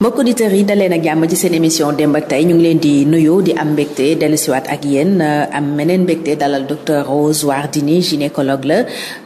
mbokk auditeurs yi daleen ak jàmm ci seen émission démb tey ñu ngi leen di nuyu di am mbégte dellusiwaat ak yéen euh, am meneen mbégte dalal docteur Rose Wardini gynécologue la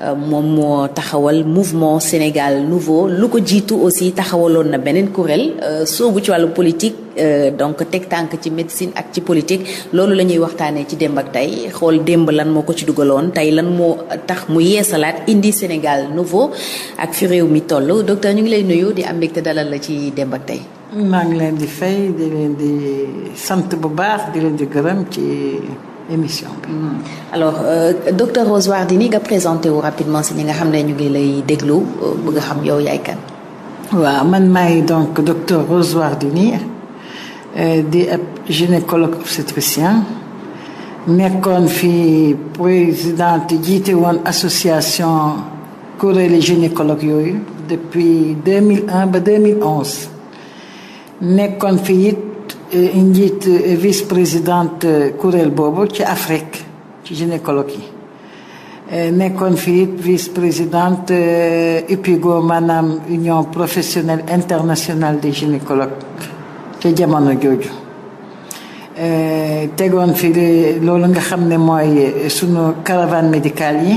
euh, moom moo taxawal mouvement Sénégal nouveau lu ko jiitu aussi taxawaloon na beneen kuréel euh, soobu ci wàllu politique Euh, donc teg tànk ci médecine ak ci politique loolu la ñuy waxtaanee ci démb ak tey xool démb lan moo ko ci dugaloon tey lan moo tax mu yeesalaat indi Sénégal nouveau ak fi réew mi toll docteur ñu ngi lay nuyu di am mbégte dalal la ci démb tey. maa ngi leen di fay di di sant bu baax di di gërëm ci émission hmm. alors euh, docteur Rose Wardini nga présenté wu rapidement si ñi nga xam ne ñu ngi lay déglu bëgg a xam yow yaay kan. waaw man maay donc docteur Rose Euh, di ab euh, gynécologue obstétricien nekkoon fi présidente jiite woon association kuréeli gynécologue yooyu depuis 2001 ba 2011 nekkoon fi it euh, njiit vice présidente kuréel boobu ci Afrique ci gynécologue yi nekkoon fi it vice présidente UPIGO maanaam union professionnelle internationale des gynécologues ci jamono jooju eh, tegoon fi loolu nga xam ne mooy sunu caravane médical yi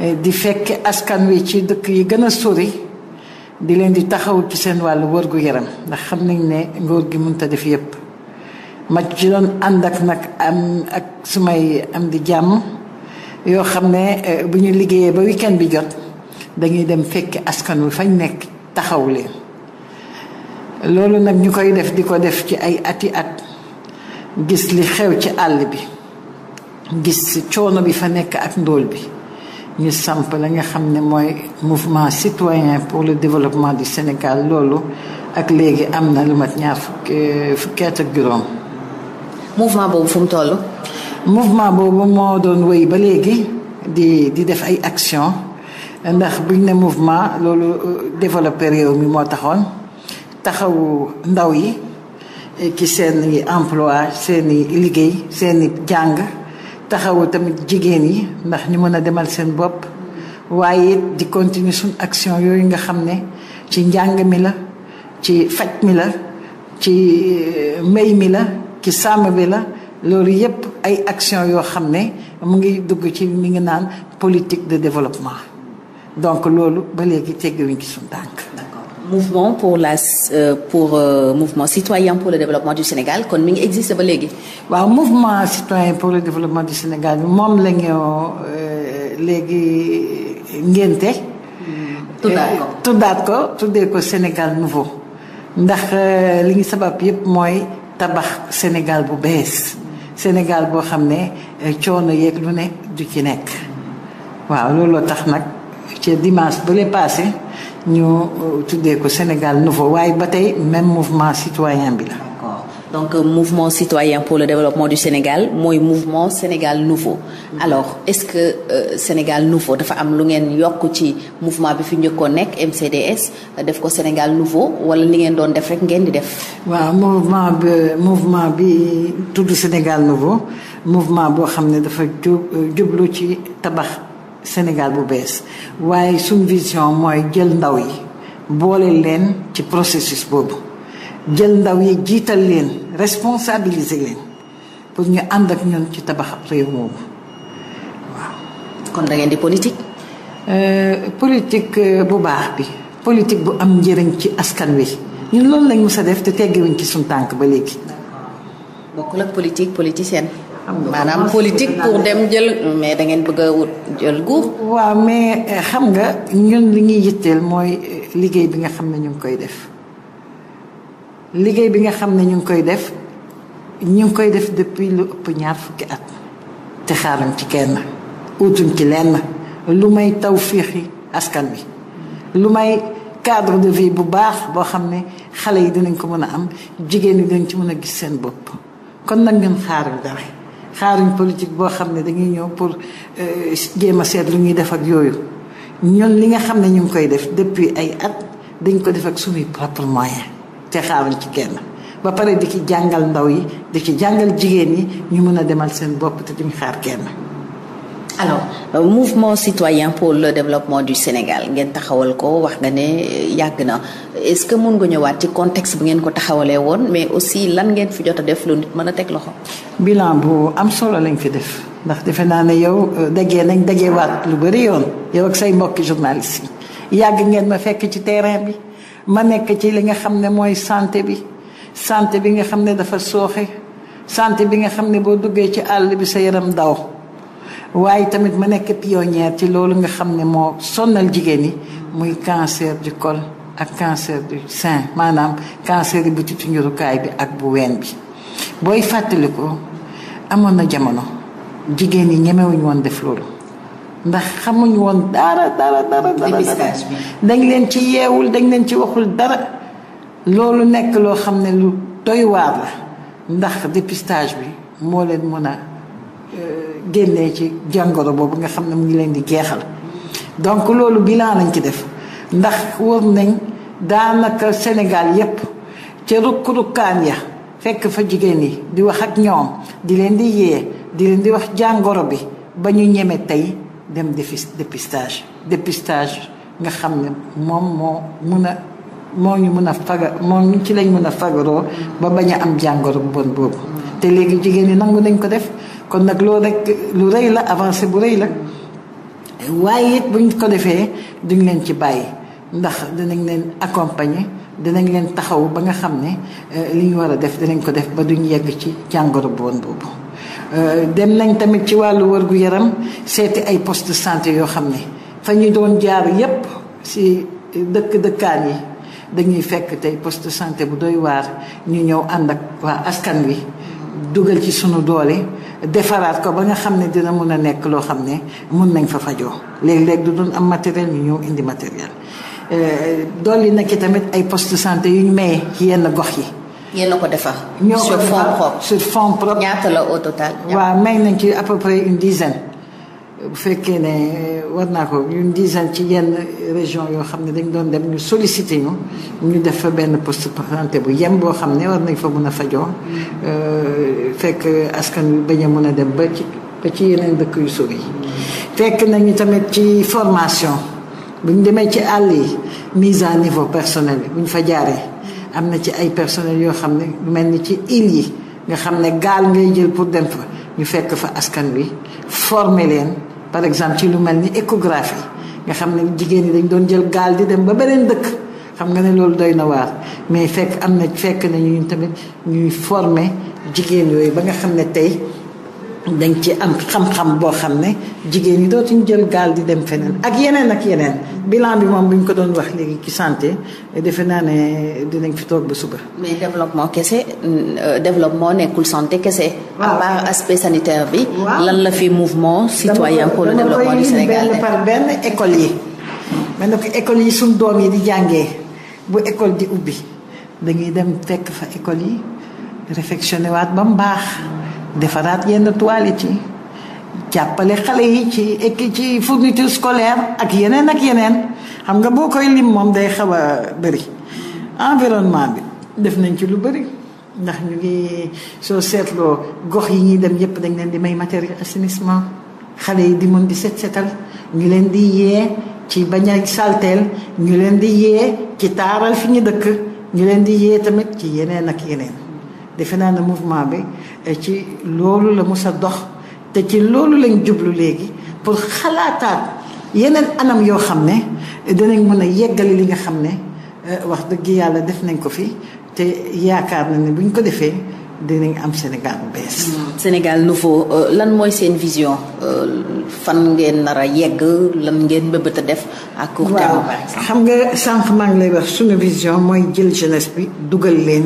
eh, di fekk askan wi ci dëkk yi gën a sori di leen di taxaw ci seen wàllu wërgu yaram ndax xam nañ ne ngóor gi mun a def yépp ma ci doon ànd ak nag am ak sumay am di jàmm yoo xam ne eh, bu ñu liggéeyee ba weekend bi jot dañuy dem fekk askan wi fañ nekk taxaw leen loolu nag ñu koy def di ko def ci ay ati at gis li xew ci àll bi gis coono bi fa nekk ak ndóol bi ñu samp la nga xam ne mooy mouvement citoyen pour le développement du Sénégal loolu ak léegi am na lu mat ñaar fukki euh, fukki at ak juróom. mouvement boobu fu mu toll. mouvement boobu moo doon wéy ba léegi di di def ay action ndax buñ ne mouvement loolu euh, développé réew mi moo taxoon. taxawu ndaw yi eh, ci seen i seeni liggéey seen i jàng taxawu tamit jigéen yi ndax ñu mën a demal seen bopp waaye di continuer suñ action yooyu nga xam ne ci njàng mi la ci faj mi la ci eh, mbéy mi la ci sàmm bi la loolu yépp ay action yoo xam ne mu ngi dugg ci mi ngi naan politique de développement donc loolu ba léegi tegguwuñ ci suñ tànk mouvement pour la euh, pour euh, mouvement citoyen pour le développement du Sénégal kon mi ngi existé ba léegi. waaw mouvement citoyen pour le développement du Sénégal bi moom la ñu euh, léegi ngénte. Hmm. tuddaat ko tuddaat ko tuddee ko Sénégal nouveau ndax li ñu sabab yépp mooy tabax Sénégal bu bees Sénégal boo xam ne coono yeeg lu ne du ci nekk waaw looloo tax nag ca dimanche ba le ñoo euh, tuddee ko Sénégal nouveau waaye ba tey même mouvement citoyen bi la. d'accord donc euh, mouvement citoyen pour le développement du Sénégal mooy mouvement Sénégal nouveau. Mm-hmm. alors est-ce que euh, Sénégal nouveau dafa am lu ngeen yokk ci mouvement bi fi njëkkoon nekk MCDS def ko Sénégal nouveau wala li ngeen doon def rek ngeen di def. waaw mouvement bi mouvement bi tudd Sénégal nouveau mouvement boo xam ne dafa jublu ci tabax. Sénégal bu bees waaye suñ vision mooy jël ndaw yi boole leen ci processus boobu jël ndaw yi jiital leen responsabiliser leen pour ñu ànd ak ñun ci tabax ab réew moomu waaw. kon da di politique. Euh, politique euh, bu baax bi politique bu am njëriñ ci askan wi ñun loolu lañ mës a def te teggiwuñ ci suñ tànk ba léegi. bokkul ak politique maanaam politique pour dem jël mais dangeen ngeen bëgg a wut jël nguur. waaw mais eh, xam nga ñun li ñuy yitteel mooy eh, liggéey bi nga xam ne ñu ngi koy def liggéey bi nga xam ne ñu ngi koy def ñu ngi koy def depuis lu ëpp ñaar fukki at. te xaaruñ ci kenn utuñ ci lenn lu may yi askan bi lu may cadre de vie bu baax boo xam ne xale yi dinañ ko mën a am jigéen yi dinañ ci mën a gis seen bopp kon nag ñun xaaruñ dara. xaaruñ politique boo xam ne dañuy ñëw pour euh, jéem a seet lu ñuy def ak yooyu ñun li nga xam ne ñu ngi koy def depuis ay at dañ ko def ak suñuy propre moyen te xaaruñ ci kenn ba pare di ci jàngal ndaw yi di ci jàngal jigéen yi ñu mën a demal seen bopp te duñ xaar kenn alors euh, mouvement citoyen pour le développement du Sénégal ngeen taxawal ko wax nga ne euh, yàgg na est-ce que mun nga ñëwaat ci contexte bu ngeen ko taxawalee woon mais aussi lan ngeen fi jot a def lu nit mën a teg loxo. bilan bu am solo lañ fi def ndax defe naa ne yow euh, dajee nañ dajewaat lu bëri yoon yow ak say mbokki journaliste yi yàgg ngeen ma fekk ci terrain bi ma nekk ci li nga xam ne mooy santé bi santé bi nga xam ne dafa sooxe santé bi nga xam ne boo duggee ci àll bi sa yaram daw. waaye tamit ma nekk pionnière ci loolu nga xam ne moo sonnal jigéen yi muy cancer du kol ak cancer du sein maanaam cancer bu butitu njurukaay bi ak bu ween bi booy fàttaliku amoon na jamono jigéen yi ñemewuñ woon def loolu ndax xamuñu woon dara dara dara dañ leen ci yeewul dañ leen ci waxul dara loolu nekk loo xam ne lu doy la ndax dépistage bi moo leen mën a génne ci jàngoro boobu nga xam ne mu ngi leen di geexal donc loolu bilan lañ ci def ndax wër nañ daanaka Sénégal yépp ca rukk-rukkaan ya fekk fa jigéen yi di wax ak ñoom di leen di yee di leen di wax jàngoro bi ba ñu ñemee tey dem defi dépistage dépistage nga xam ne moom moo mun a moo ñu mun a faga moom ci lañ mun a fagaroo ba bañ a am jàngoro bu bon boobu te léegi jigéen yi nangu nañ ko def kon nag loolu rek lu rëy la avancé bu rëy la waaye it buñ ko defee duñ leen ci bàyyi ndax danañ leen accompagner dinañ leen taxaw ba nga xam ne euh, li ñu war a def danañ ko def ba duñ yegg ci jàngoro boon boobu. Euh, dem nañ tamit ci wàllu wërgu yaram seeti ay poste santé yoo xam ne fa ñu doon jaar yépp si dëkk dëkkaan yi dañuy fekk tey poste santé bu doy waar ñu ñëw ànd ak waa askan wi dugal ci sunu doole. defaraat ko ba nga xam ne dina mun a nekk loo xam ne mun nañ fa fajoo léegi léegi du doon am matériel ñu ñëw indi matériel euh, dolli nag ci tamit ay post de santé yu ñu maye ci yenn gox yi. yéen a ko defar. ñoo ko defar sur fond propre. ñaata la au waaw may nañ ci à peu près une dizaine. bu fekkee ne euh, war naa ko ñun disan ci yenn région yoo xam ne dañ doon dem ñu sollicité ñu ñu def fa benn poste bu yem boo xam ne war nañ fa mën a fajoo euh, fekk askan wi bañ mën a dem ba ci ba ci yeneen dëkk yu sori fekk tamit ci formation bu demee ci àll yi mise à niveau personnel bi bu ñu fa jaaree am na ci ay personnel yoo xam ne lu mel ni ci île yi nga xam ne gaal ngay jël pour dem fa ñu fekk fa askan wi former leen par exemple ci lu mel ni échographie nga xam ne jigéen ñi dañ doon jël gaal di dem ba beneen dëkk xam nga ne loolu doy na waar mais fekk am na fekk nañu ñun tamit ñuy former jigéen yooyu ba nga xam ne tey dañ ci am xam-xam boo xam ne jigéen ñi dootuñ jël gaal di dem feneen ak yeneen ak yeneen bilan bi moom bu ñu ko doon wax léegi ci santé defe naa ne dinañ fi toog ba suba. mais développement kese euh, développement nekkul santé kese. à aspect sanitaire bi. lan la fi mouvement citoyen pour le développement du par benn école yi. man na école yi suñ doom yi di jàngee bu école di ubbi dañuy dem fekk fa école yi réfectionné waat ba mu baax. defaraat yenn toilettes yi jàppale xale yi ci ekki ci fourniture scolaire ak yeneen ak yeneen xam nga boo koy lim moom day xaw a bëri environnement bi def nañ ci lu bëri ndax ñu ngi soo seetloo gox yi ñuy dem yépp dañ leen di may matériel assainissement xale yi di mën di set setal ñu leen di yee ci bañ a salteel ñu leen di yee ci taaral fi ñu dëkk ñu leen di yee tamit ci yeneen ak yeneen defe naa ne mouvement bi eh, ci loolu la mos a dox te ci loolu lañ jublu léegi pour xalaataat yeneen anam yoo xam ne eh, dinañ mën a yeggali li nga xam ne eh, wax dëgg yàlla def nañ ko fi te yaakaar na ni buñ ko defee dinañ am Sénégal bees. Hmm, Sénégal nouveau euh, lan mooy seen vision euh, fan ngeen nar a yegg lan ngeen mbëbët a def. à court terme xam nga sànq maa ngi lay wax suñu vision mooy jël jeunesse bi dugal leen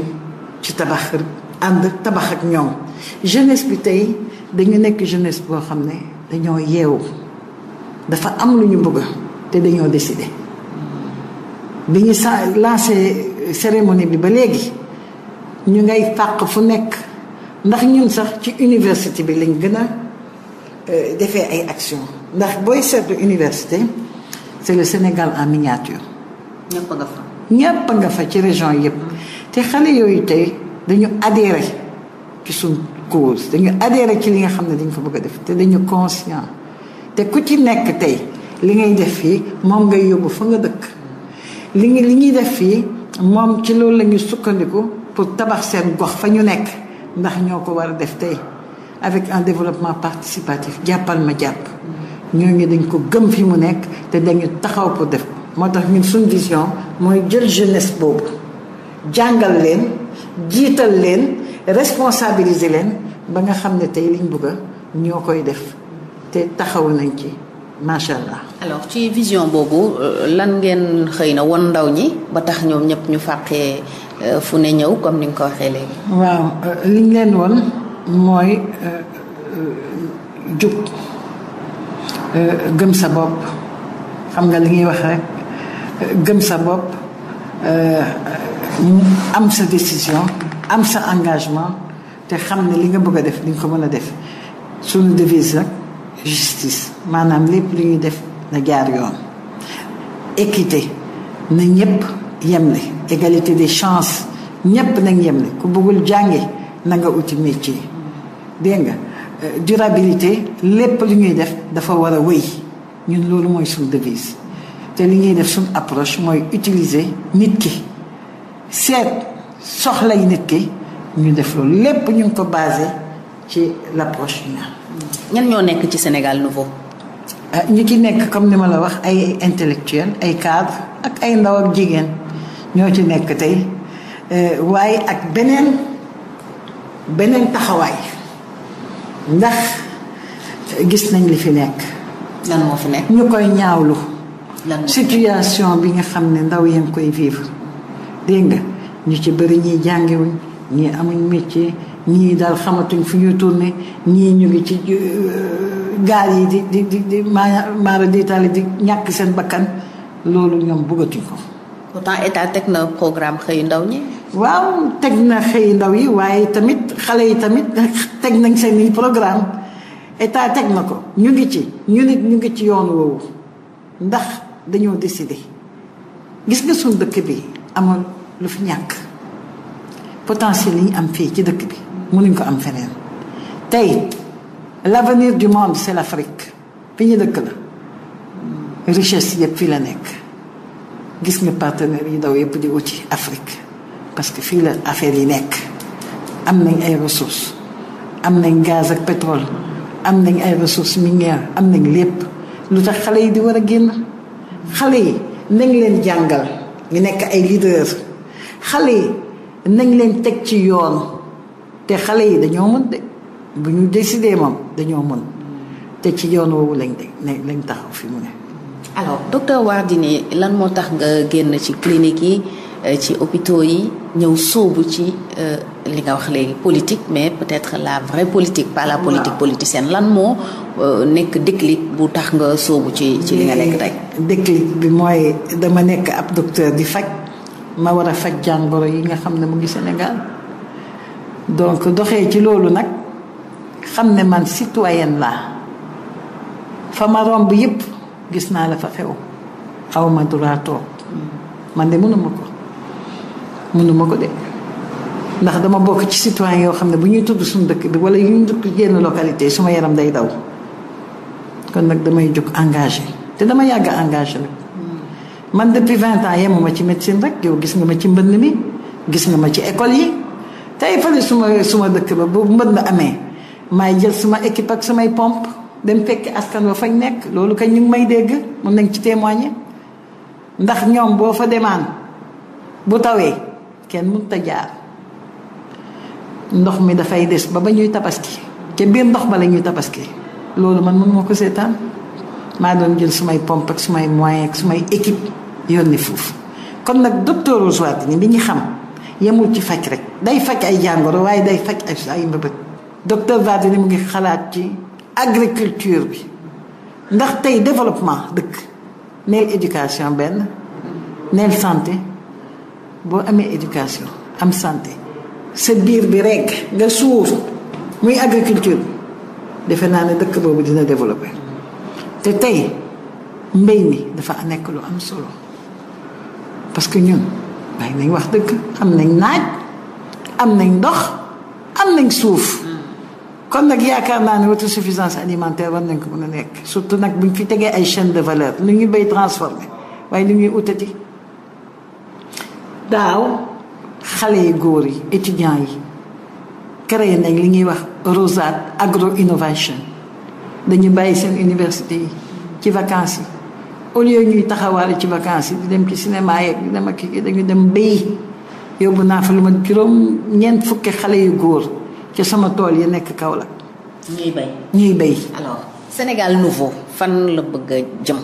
ci tabax. ànd tabax ak ñoom jeunesse bi tey dañu nekk jeunesse boo xam ne dañoo yeewu dafa am lu ñu bugg te dañoo décider bi ñu sa lancé cérémonie bi ba léegi ñu ngay fàq fu nekk ndax ñun sax ci université bi lañ gën a euh, defee ay action ndax booy seetlu université c'est le Sénégal en miniature ñëpp nga fa ci région yëpp mm. te xale yooyu tey dañu adhéré ci suñ cause dañu adhéré ci li nga xam ne dañ ko bëgg a def te dañu conscient te ku ci nekk tey li ngay def fii moom ngay yóbbu fa nga dëkk li li ñuy def fii moom ci loolu lañuy sukkandiku pour tabax seen gox fa ñu nekk ndax ñoo ko war a def tey avec un développement participatif jàppal ma jàpp ñooñu dañ ko gëm fi mu nekk te dañu taxaw ko def moo tax ñun suñ vision mooy jël jeunesse boobu jàngal leen jiital leen responsabiliser leen ba nga xam ne tey liñ bëgg ñoo koy def te taxaw nañ ci macha allah. alors ci vision boobu euh, lan ngeen xëy na won ndaw ñi ba tax ñoom ñëpp ñu fàqee euh, fu ne ñëw comme ni nga ko waxee léegi. waaw euh, liñ leen won mooy jub gëm sa bopp xam nga li ñuy wax rek gëm sa bopp. am sa décision am sa engagement te xam ne li nga bëgg a def li nga ko mën a def suñu devise nag justice maanaam lépp lu ñuy def na jaar yoon équité na ñëpp yem ne égalité des chances ñëpp nañ yem ne ku bëggul jàngi na nga uti métier dégg nga euh, durabilité lépp li ñuy def dafa war a wéy ñun loolu mooy suñu devise te li ñuy def suñu approche mooy utiliser nit ki seet soxlay nit ki ñu def loolu lépp ñu ngi ko basé ci l'approche humaine. ñan ñoo nekk ci Sénégal nouveau. Ah, ñu ci nekk comme ni ma la wax ay intellectuel ay cadre ak ay ndaw ak jigéen ñoo ci nekk tey eh, waaye ak beneen beneen taxawaay ndax gis nañ li fi nekk. lan moo fi nekk ñu koy ñaawlu. situation bi nga xam ne ndaw yaa koy vivre. dégg nga ñu ci bëri ñii jàngewuñ ñii amuñ métier ñi daal xamatuñ fu ñuy tourné ñii ñu ngi ci euh, gaal yi di di di di maara détaali di ñàkk seen bakkan loolu ñoom bëggatuñ ko. pourtant teg na programme xëyu ndaw ñi. waaw teg na xëyu ndaw yi waaye tamit xale yi tamit teg nañ seen programme état teg na ko ñu ngi ci ñu nit ñu ngi ci yoon woowu ndax dañoo décider gis nga suñu dëkk bi amul. lu fi ñàkk potentiel yi ñu am fii ci dëkk bi mënuñ ko am feneen tey l'avenir du monde c'est l'Afrique fi ñu dëkk la richesse yëpp fii la nekk gis nga partenaires yi daw yëpp di wuti Afrique parce que fii la affaire yi nekk am nañ ay ressources am nañ gaz ak pétrole am nañ ay ressources minières am nañ lépp lu tax xale yi di war a génn xale yi nañ leen jàngal ñu nekk ay leaders xale yi nañ leen teg ci yoon te xale yi dañoo mën de bu ñu décidé moom dañoo mën te ci yoon woowu lañ de lañ tax fi mu ne. alors docteur Wardini lan moo tax nga génn ci clinique yi euh, ci hôpitaux yi ñëw sóobu ci euh, li nga wax léegi politique mais peut-être la vraie politique pas la ah. politique politicienne lan moo euh, nekk déclic bu tax nga sóobu ci ci li nga nekk tey. déclic bi mooy dama nekk ab docteur di faj. ma war a faj jàngoro yi nga xam ne mu ngi Sénégal donc doxee ci loolu nag xam ne man citoyenne laa fa ma romb yépp gis naa la fa xew aw ma droit man de mënuma ko mënuma ko de ndax dama bokk ci citoyen yoo xam ne bu ñuy tudd suñu dëkk bi wala yu ñu dëkk yenn localité suma yaram day daw kon nag damay jóg engage te dama yàgg engage nag man depuis vingt ans yemuma ci médecine rek yow gis nga ma ci mbënn mi gis na ma ci école yi tey fa fële suma suma dëkk ba bu mbënn amee maay jël suma équipe ak samay pompe dem fekki askan wa fañ nekk loolu kañ ñu ngi may dégg mun nañ ci témoigner ndax ñoom boo fa demaan bu tawee kenn mënut a ndox mi dafay des ba ba ñuy tabaski ca biir ndox ba la ñuy tabaski loolu man mën moo ko seetaan maa doon jël sumay pompe ak sumay moyen ak sumay équipe yónni foofu kon nag docteur Ousseynou ni bi ñu xam yemul ci faj rek day faj ay jàngoro waaye day faj ay ay mbëbët docteur Wade ni mu ngi xalaat ci agriculture bi ndax tey développement dëkk neel éducation benn neel santé boo amee éducation am santé sa biir bi rek nga suur muy agriculture defe naa ne dëkk boobu dina développé te tey mbéy mi dafa nekk lu am solo parce que ñun bàyyi nañ wax dëgg am nañ naaj am nañ ndox am nañ suuf kon nag yaakaar naa ne suffisance alimentaire war nañ ko mën a nekk surtout nag buñ fi tegee ay chaîne de valeur lu ñuy bay transformé waaye lu ñuy utati daaw xale yi góor yi étudiants yi créé li ñuy wax Rosade agro innovation dañu bàyyi seen université yi ci vacances yi au lieu ñuy taxawaale ci vacances yi di dem ci cinéma yeeg di dem ak kii dañu dem béyi yóbbu naa fa lu ma juróom ñeent fukki xale yu góor ci sama tool yi nekk Kaolack. ñuy ñuy bay. alors Sénégal nouveau fan la bëgg a jëm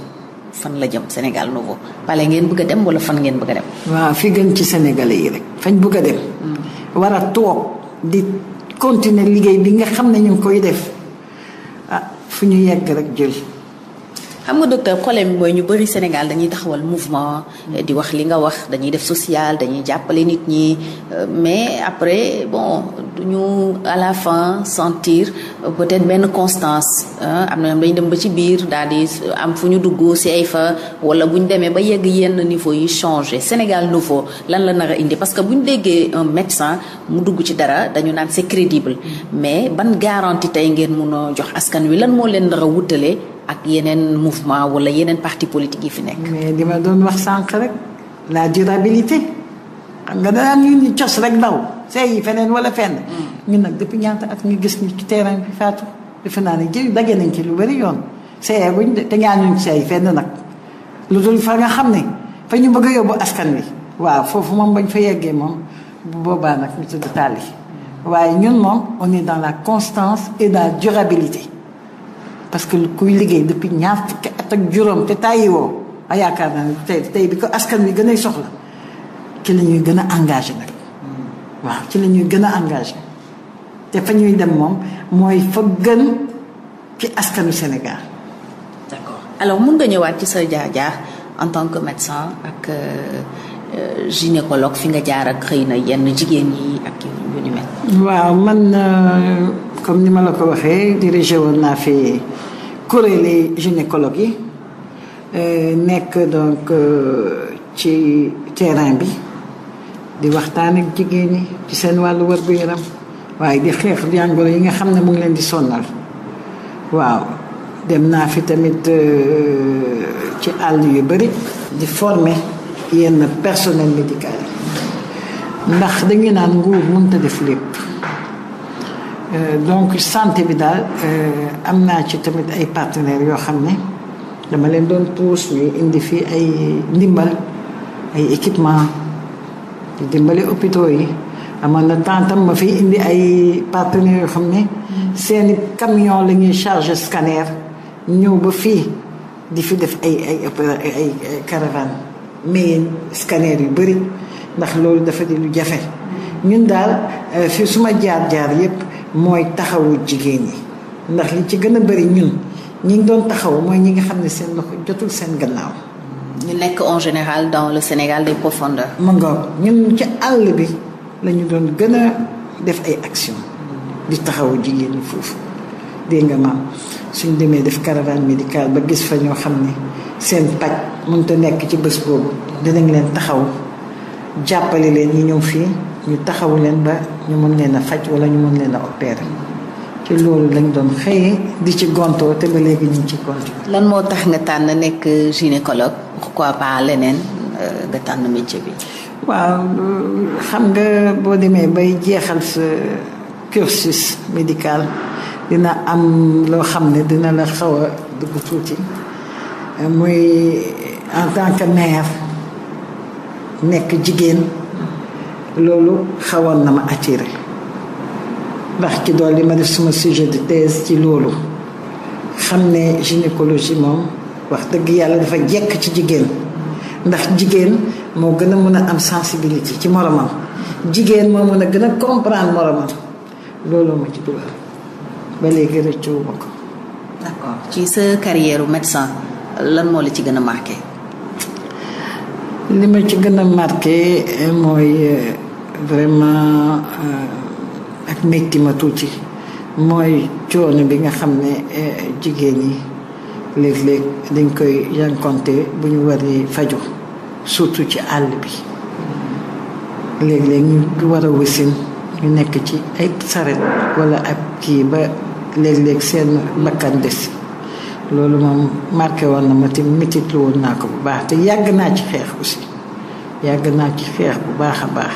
fan la jëm Sénégal nouveau pale ngeen bëgg a dem wala fan ngeen bëgg dem. waaw fi gën ci Sénégalais yi rek fañ bëgg a dem. Hmm. war toog di continuer liggéey bi nga xam ne ñu koy def. fu ñu yegg rek jël xam nga docteur problème bi mooy ñu bëri Sénégal dañuy taxawal mouvement. Mm. di wax li nga wax dañuy def social dañuy jàppale nit ñi euh, mais après bon duñu à la fin sentir euh, peut-être benn constance am na ñoom dem ba ci biir daal di am fu ñu dugg si fa wala bu demee ba yegg yenn niveau yi changé Sénégal nouveau lan la nar a indi parce que bu ñu déggee un médecin mu dugg ci dara dañu naan c'est crédible mm. mais ban garanti tey ngeen mun a jox askan wi lan moo leen nar a ak yeneen mouvement wala yeneen parti politique yi fi nekk. mais li ma doon wax sànq rek la durabilité xam nga danaan ñu ñu cos rek daw seey yi feneen wala fenn. Mm. ñun nag depuis ñaata at ñu gis ñu ci terrain bi faatu defe naa ne jëriñ daje nañ ci lu bari yoon seeyee buñ te ñaanuñ seey fenn nag lu dul fa nga xam ne fa ñu bëgg a yóbbu askan wi. waaw foofu moom bañ fa yeggee moom bu boobaa nag ñu tudd tàlli mm. waaye ñun moom on dans la constance et la durabilité. parce que kuy liggéey depuis ñaar fukki at ak juróom te tàyyi a yaakaar naa ne tey tey bi ko askan wi gën a soxla ci la ñuy gën a engagé nag hmm. waaw ci la ñuy gën a engagé te fa ñuy dem moom mooy fa gën ci askanu Sénégal. d'accord alors mun nga ñëwaat ci sa jaar-jaar en tant que médecin ak euh, euh, gynécologue fi nga jaar ak xëy na yenn jigéen yi ak yu ñu mel. waaw man euh, comme ni ma la ko waxee dirigé woon naa fi. kuréeli gynécologue yi euh, nekk donc euh, ci terrain bi di waxtaan ak jigéen ñi ci seen wàllu wër gu yaram waaye di xeef jàngoro yi nga xam ne mu ngi leen di sonnal waaw dem naa fi tamit euh, ci àll yu bëri di forme yenn personnel médical yi ndax dañu naan nguur mënta def lépp Euh, donc santé bi daal euh, am naa ci tamit ay partenaires yoo xam ne dama leen doon pousse ñuy indi fii ay ndimbal ay équipement di dimbali hôpitaux yi amoon na temps tam ma fiy indi ay partenaires yoo xam ne seeni camion la ñuy chargé scanner ñëw ba fii di fi def ay ay ay caravane mais scanner yu bëri ndax loolu dafa di lu jafe ñun daal euh, fi suma jaar jaar yépp mooy taxawu jigéen ñi ndax li ci gën a bëri ñun ñi ngi doon taxaw mooy ñi nga xam ne seen loxo jotul seen gannaaw. ñu nekk en général dans le Sénégal de profondeurs. ma ñun ci àll bi la doon gën a def ay action di taxawu jigéen ñi foofu dégg nga maam suñ demee def caravane médicale ba gis fa ñoo xam ne seen paj mun te nekk ci bés boobu dinañ leen taxaw jàppale leen ñi ñëw fii. ñu taxawu leen ba ñu mën leen a faj wala ñu mun leen a opérer ci loolu lañ doon xëyee di ci gontoo te ba léegi ñu ngi ci gontoo. lan moo tax nga tànn nekk gynécologue pourquoi pas leneen euh, tànn métier bi. waaw nga boo demee bay jeexal médical dina am loo xam ne dina la xaw a dugg tuuti muy en tant que mère nekk jigéen. loolu xawoon na ma attiré ndax ci dool li ma def suma sujet de thèse ci loolu xam ne gynécologie moom wax dëgg yàlla dafa jekk ci jigéen ndax jigéen moo gën a mën a am sensibilité ci moromam jigéen moo mën a gën a comprendre moromam loolu ma ci dugal ba léegi rëccu ma ko. d'accord ci sa carrière médecin lan moo la ci gën a marqué. li ma ci gën a marqué eh, mooy euh, vraiment euh, ak métti ma tuuti mooy coono bi nga xam ne euh, jigéen ñi léeg-léeg dañ koy rencontré bu ñu waree fajo surtout ci àll bi léeg-léeg ñu war a wasin ñu nekk ci ay saret wala ak kii ba léeg-léeg seen bakkan des loolu moom marqué woon na ma te mettit lu woon naa ko bu baax te yàgg naa ci xeex aussi yàgg naa ci xeex bu baax a baax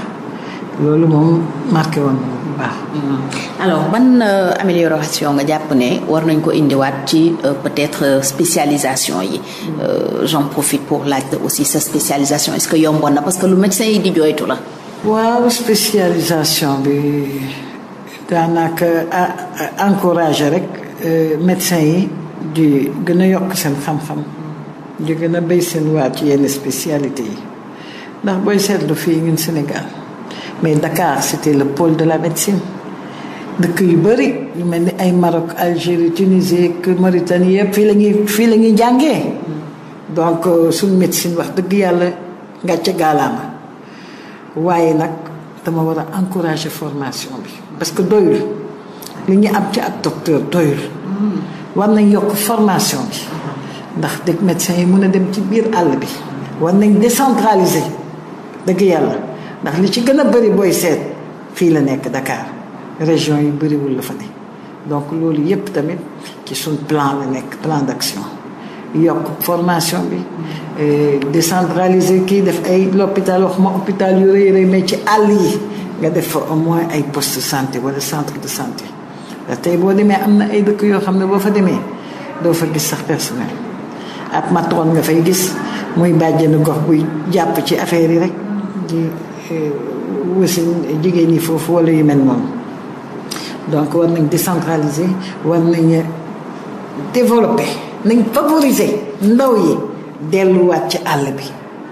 loolu moom marqué woon bu baax. Mm. alors ban euh, amélioration nga jàpp ne war nañ ko indiwaat ci euh, peut-être euh, spécialisation yi. Mm. j'en profite pour laajte aussi sa spécialisation est-ce que yomboon na parce que lu médecin yi di jooytu la. waaw spécialisation bi daanaka ah, ah, encouragé rek médecin yi di gën a yokk seen xam-xam. di gën a béy seen waat ci yenn spécialité yi ndax booy seetlu fii ñun Sénégal. mais Dakar c'était le pôle de la médecine dëkk yu bëri yu mel ni ay Maroc Algérie Tunisie que Mauritanie yëpp fii la ñuy fii la ñuy jàngee donc euh, suñu médecine wax dëgg yàlla ngàcce gaalaama waaye nag dama war a encourager formation bi parce que doyul li ñu am ci ak docteur doyul war nañ yokk formation bi ndax dëgg médecins yi mën a dem ci biir àll bi war nañ décentraliser dëgg yàlla ndax li ci gën a bëri booy seet fii la nekk dakaar région yi bëriwul la fa ne donc loolu yépp tamit ci suñ plan la nekk plan d'action yokk formation bi euh, décentraliser kii def ay l'hôpital ma hôpital yu rëy rëy mais ci àll yi nga def fa au moins ay poste de santé wala centre de santé ndax tey boo demee am na ay dëkk yoo xam ne boo fa demee doo fa gis sax personnel ab matroon nga fay gis muy bàjjenu gox buy jàpp ci affaire yi rek wasin euh, jigéen yi foofu wala yu mel noonu donc war nañ décentraliser war nañ développer nañ favoriser ndaw yi delluwaat ci àll bi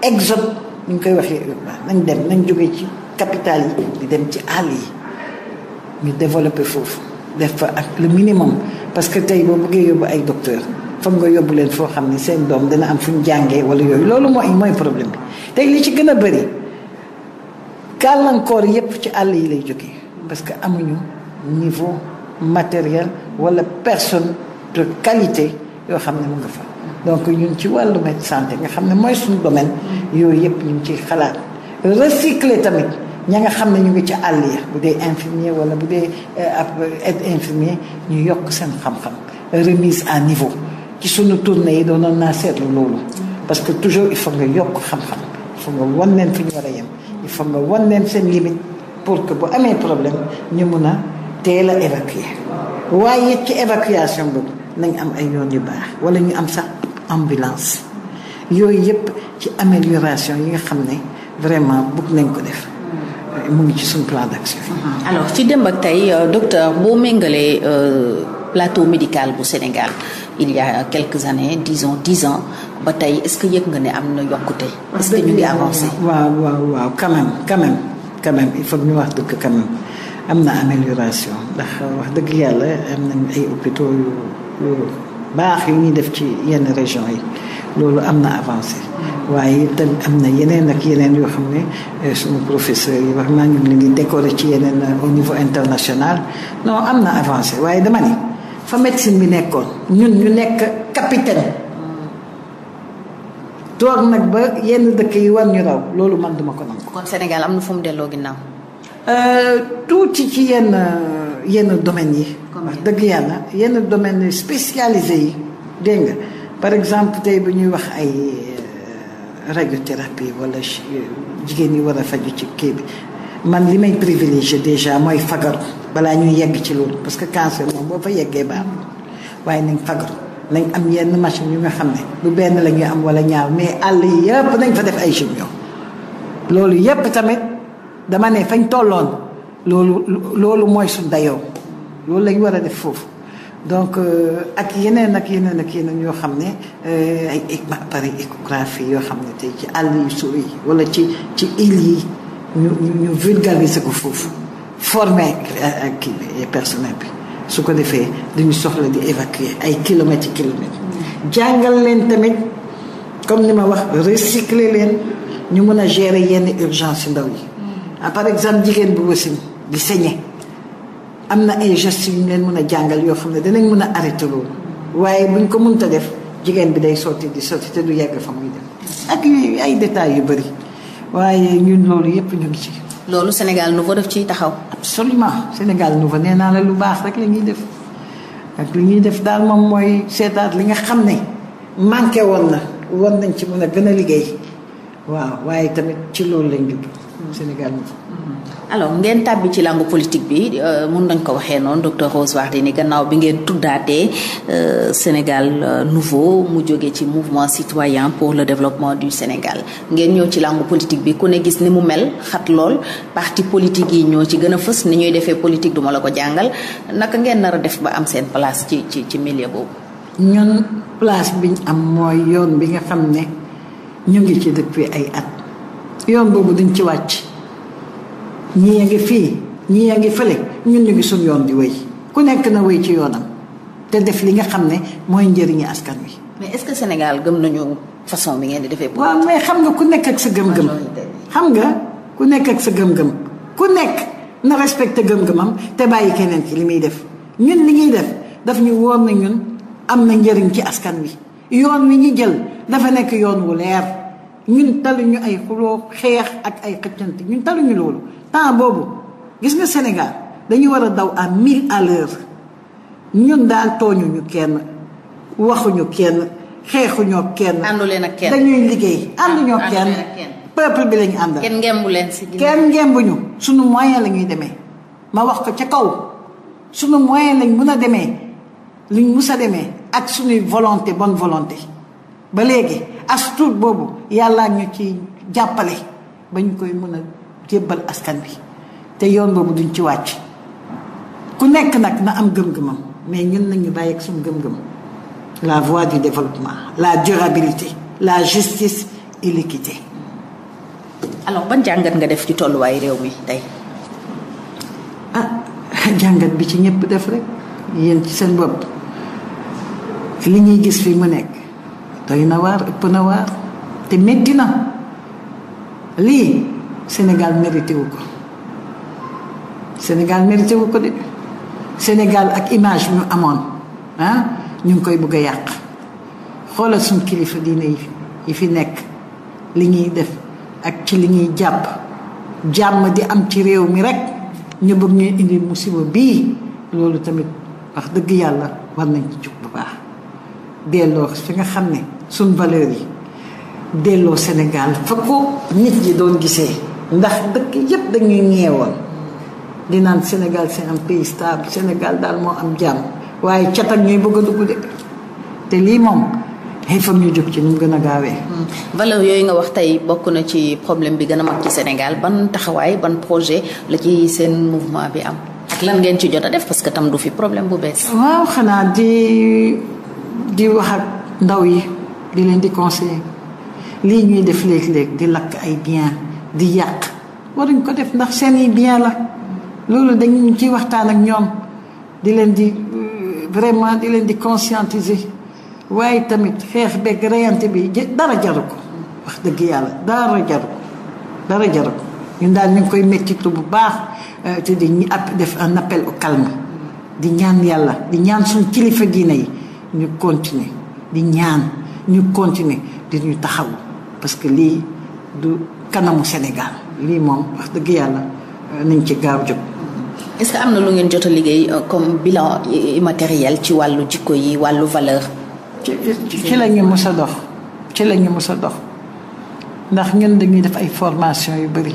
exode ñu ngi koy waxee urbain nañ dem nañ jóge ci capital yi di dem ci àll yi ñu développer foofu def fa ak le minimum parce que tey boo bëggee yóbbu ay docteur foog nga yóbbu leen foo xam ne seen doom dana am fu ñu jàngee wala yooyu loolu mooy mooy problème bi tey li ci gën a bëri kàllankoor yépp ci àll yi lay jógee parce que amuñu niveau matériel wala personne de qualité yoo xam ne mu nga fa donc ñun ci wàllu met santé nga xam ne mooy suñu domaine yooyu yëpp ñu ngi ciy xalaat recycler tamit ña nga xam ne ñu ngi ci àll ya bu dee infirmier wala bu dee euh, ab aide infirmier ñu yokk seen xam-xam remise à niveau ci suñu tournée yi doonoon naa seetlu loolu parce que toujours il faut nga yokk xam-xam il faut nga won fi ñu war a yem il nga wan leen seen limite pour que bu amee problème ñu mun a teel a évacuer waaye it ci évacuation boobu nañ am ay yoon yu baax wala ñu am sax ambulance yooyu yëpp ci amélioration yi nga xam ne vraiment bugg nañ ko def mu ngi ci suñu plan d'action. alors ci démb ak tey euh, docteur boo méngalee. Euh, plateau médical bu Sénégal il y a quelques années disons dix ans ba tey est-ce que yëg nga ne am na yokkute. est-ce que ñu ngi avancé. waaw waaw waaw quand même quand même quand même wax dëgg quand même am na amélioration ndax wax dëgg yàlla am nañ ay hôpitaux yu baax yu ñuy def ci yenn région yi loolu am na avancé. waaye tam am na yeneen ak yeneen yoo xam ne euh, suñu professeur yi wax naa ñu ngi lu di décorer ci yeneen euh, au niveau international am na avancé waaye dama ni fa médecine bi nekkoon ñun ñu nekk capitaine toog nag ba yenn dëkk yi war ñu raw loolu man duma ko nangu. kon Sénégal am na fu mu delloo ginnaaw. Euh, tuuti ci yenn yenn domaines yi. wax dëgg yàlla yenn domaines spécialisés yi dégg nga par exemple tey bu ñuy wax ay euh, radiothérapie wala jigéen ñi war a faju ci kii bi man li may privilégié déjà mooy fagaru. balaa ñuy yegg ci loolu parce que cancer moom boo fa yeggee baax waaye nañ fagaru nañ am yenn machine yu nga xam ne lu benn la ñuy am wala ñaaw mais àll yi yëpp nañ fa def ay chimio loolu yëpp tamit dama ne fañ tolloon loolu mooy su dayoo loolu lañ war a def foofu donc euh, ak yeneen ak yeneen ak yeneen yoo xam ne euh, ay appareil échographie yoo xam ne tey ci àll yu sori yi wala ci ci île yi ñu ñu vulgariser ko foofu former kii eh, eh, eh, personnel bi su ko defee duñu soxla di évacuer ay kilomètres yi kilomètres e jàngal leen tamit comme ni ma wax recycler leen ñu mën a gérer yenn urgence yu ndaw yi par exemple jigéen bu wasin di saigner am na ay gestes yu ñu leen mën a jàngal yoo xam ne danañ mën a arrêté loolu waaye buñ ko mënta def jigéen bi day sotti di sotti te du yegg fa muy def ak ay détails yu bëri waaye ñun loolu yépp ñu ngi loolu Sénégal Nouveau def ciy taxaw. absolument Sénégal Nouveau nee naa la lu baax rek la ñuy def ak lu ñuy def daal moom mooy seetaat li nga xam ne manqué woon na war nañ ci mën a gën a liggéey waaw waaye tamit ci loolu lañ jublu. Sénégal mi mm-hmm. alors ngeen tàbbi ci làngu politique bi euh, mun nañ ko waxee noonu docteur Rose ni gannaaw bi ngeen tuddaatee euh, Sénégal euh, nouveau mu jóge ci mouvement citoyen pour le développement du Sénégal ngeen ñëw ci làngu politique bi ku ne gis ni mu mel xat lool parti politique yi ñoo ci gën a fës ni ñuy defee politique duma la ko jàngal naka ngeen nar a def ba am seen place ci ci ci milieu boobu. ñun place biñ am mooy yoon bi nga xam ne ñu ngi ci depuis yoon boobu duñ ci wàcc ñii a ngi fii ñii a ngi fële ñun ñu ngi suñ yoon di wéy ku nekk na wéy ci yoonam te def li nga xam ne mooy njëriñu askan wi. mais est-ce que Sénégal gëm nañu façon bi ngeen di defee. waaw mais xam nga ku nekk ak sa gëm-gëm. xam nga ku nekk ak sa gëm-gëm. ku nekk na respecté gëm-gëmam te bàyyi keneen ki li muy def ñun li ñuy def daf ñu wóor na ñun am na njëriñ ci askan wi yoon wi ñu jël dafa nekk yoon wu leer. ñun taluñu ay xuloo xeex ak ay xëccante ñun taluñu loolu temps boobu gis nga Sénégal dañu war a daw à mille à l'heure ñun daal tooñuñu kenn waxuñu kenn xeexuñoo kenn. ànduleen ak kenn dañuy liggéey. ànduñoo kenn peuple bi lañu àndal. kenn ngembu leen si kenn ngembuñu suñu moyen la ñuy demee ma wax ko ca kaw suñu moyen lañ mun a demee luñ mus a demee ak suñuy volonté bon volonté ba léegi. as boobu yàlla ñu ci jàppale ba ñu koy mën a jébbal askan bi te yoon boobu duñ ci wàcc ku nekk nag na am gëm-gëmam mais ñun nañu bàyyi ak suñu gëm-gëm la voie du développement la durabilité la justice et l'équité alors jàngat nga def ci tolluwaayu réew mi tey ah jàngat bi ci ñëpp def rek yéen ci seen bopp li ñuy gis fii mu nekk doy na ëpp na te métti na lii Sénégal mérité ko Sénégal mérité ko de Sénégal ak image ñu amoon ah, ñu ngi koy bëgg a yàq xoolal suñ kilifa diine yi yi fi nekk li ñuy def ak ci li ñuy jàpp jàmm di am ci réew mi rekk ñu bëgg ñuy indi musiba bii loolu tamit wax dëgg yàlla war nañ ci jug bu baax delloo fi nga xam ni suñ valeur yi delloo Sénégal fa ko nit ñi doon gisee ndax dëkk yépp dañuy ñeewoon di naan Sénégal c'est un pays Sénégal daal moo am jàmm waaye cat ak ñooy bëgg a dugg de te lii moom xëy fam ñu jóg ci nu mu gën a gaawee. Hmm. valeur yooyu nga wax tey bokk na ci problème bi gën a mag ci Sénégal ban taxawaay ban projet la ci seen mouvement bi am ak lan ngeen ci jot a def parce que tam du fi problème bu bees. waaw xanaa di di wax ak ndaw yi. di leen di conseiller lii ñuy def léegi léeg di lakk ay bien di yàq waruñ ko def ndax seeni bien la loolu dañu ciy waxtaan ak ñoom di leen di euh, vraiment di leen di conscientiser waaye tamit xeex beeg reyante bi dara jaru ko wax dëgg yàlla dara jaru ko dara jaru ko ñun daal ñu ngi koy méttitu bu baax euh, te di ñu app def un appel au calme di ñaan yàlla di ñaan suñu kilifa diine yi ñu continuer di ñaan ñu continuer di ñu taxaw parce que lii du kanamu Sénégal lii moom wax dëgg yàlla euh, nañ ci gaaw jóg. est-ce que am na lu ngeen jot a liggéey euh, comme bilan immatériel ci wàllu jikko yi wàllu valeur. ci la ñu mës a dox ci la ñu mës a dox ndax ñun dañuy def ay formation yu bëri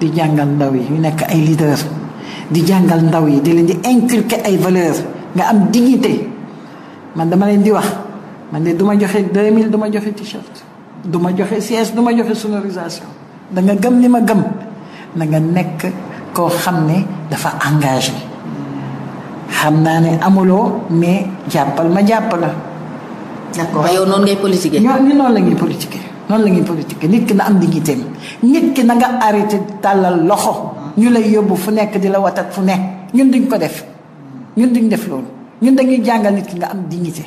di jàngal ndaw yi ñu nekk ay leader di jàngal ndaw yi di leen di inculquer ay valeur nga am dignité man dama leen di wax. man de du ma joxe 2000 du ma joxe t-shirt du joxe siège du ma joxe sonorisation da gëm li ma gëm na nga nekk koo xam ne dafa engagé xam naa ne amuloo mais jàppal ma jàpp la. d'accord yow noonu ngay politiquer. ñoo ñu noonu la ñuy politiquer noonu la ñuy politiquer nit ki na am dignitéem nit ki na nga arrêté tàllal loxo. ñu lay yóbbu fu nekk di la watat fu nekk ñun dañ ko def ñun duñ def loolu ñun dañuy jàngal nit ki nga am dignité.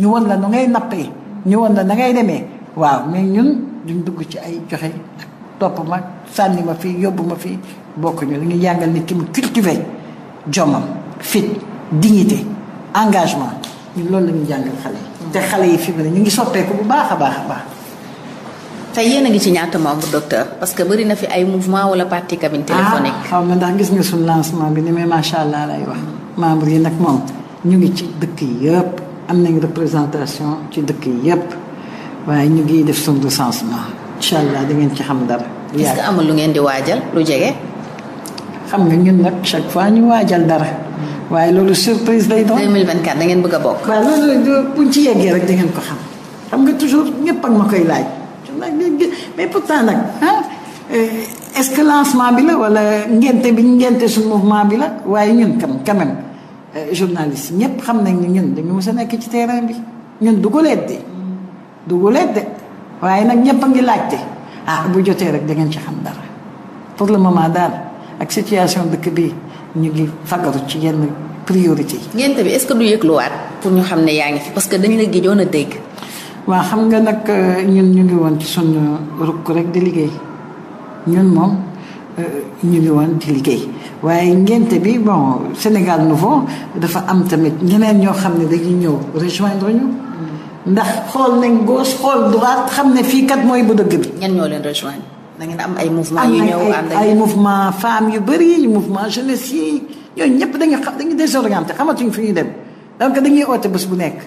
ñu won la nu ngay nappee ñu won la na ngay demee waaw mais ñun duñ dugg ci ay joxe ak topp ma sànni ma fii yóbbu ma fii bokk ñu ñu jàngal ni ki mu jommam fit dignité engagement ñu loolu la ñu jàngal xale yi. te xale yi fi mu ne ñu ngi soppeeku bu baax a baax a baax. tey yéen a ngi ci ñaata membre docteur parce que bëri na fi ay mouvement wala parti cabine téléphonique. ah xaw ma ndax gis nga suñu lancement bi ni mais macha allah lay wax membre yi nag moom ñu ngi ci dëkk yëpp. am nañ représentation ci dëkk yi yépp waaye ñu ngi def suñu recensement incha allah da ngeen ci xam dara. est-ce que lu ngeen di waajal lu jege. xam nga ñun nag chaque fois ñu waajal dara. waaye loolu surprise lay doon. 2024 da ngeen bëgg a bokk. waaw loolu buñ ci yeggee rek da ngeen ko xam xam nga toujours ñëpp ak ma koy laaj. mais pourtant nag ah est-ce que lancement bi la wala ngente bi ñu ngente suñu mouvement bi la waaye ñun kam quand Euh, journaliste ñëpp xam nañ ne ñun dañu mës a nekk ci terrain bi ñun duguleet de duguleet de waaye nag ñëpp a ngi laajte ah bu jotee rek da ngeen ci xam dara pour le moment daal ak situation dëkk bi ñu ngi fagaru ci yenn priorité yi. ngénte bi est-ce que du yëgluwaat pour ñu xam ne yaa ngi fi parce que dañu la géjoon a dégg. waa xam nga nag euh, ñun ñu ngi woon ci suñu rukk rek di liggéey ñun moom. ñu ngi woon di liggéey waaye ngénte bi bon Sénégal Nouveau dafa am tamit ñeneen ñoo xam ne dañuy ñëw rejoindre ñu. ndax xool nañ gauche xool droite xam ne fii kat mooy bu dëgg bi. ñan ñoo leen rejoindre da ngeen am ay mouvement yu ñëw ànd ay mouvement femmes yu bëri mouvement jeunesse yi ñooñu ñëpp dañu xam dañu désorienté xamatuñ fi ñu dem donc dañuy oote bés bu nekk.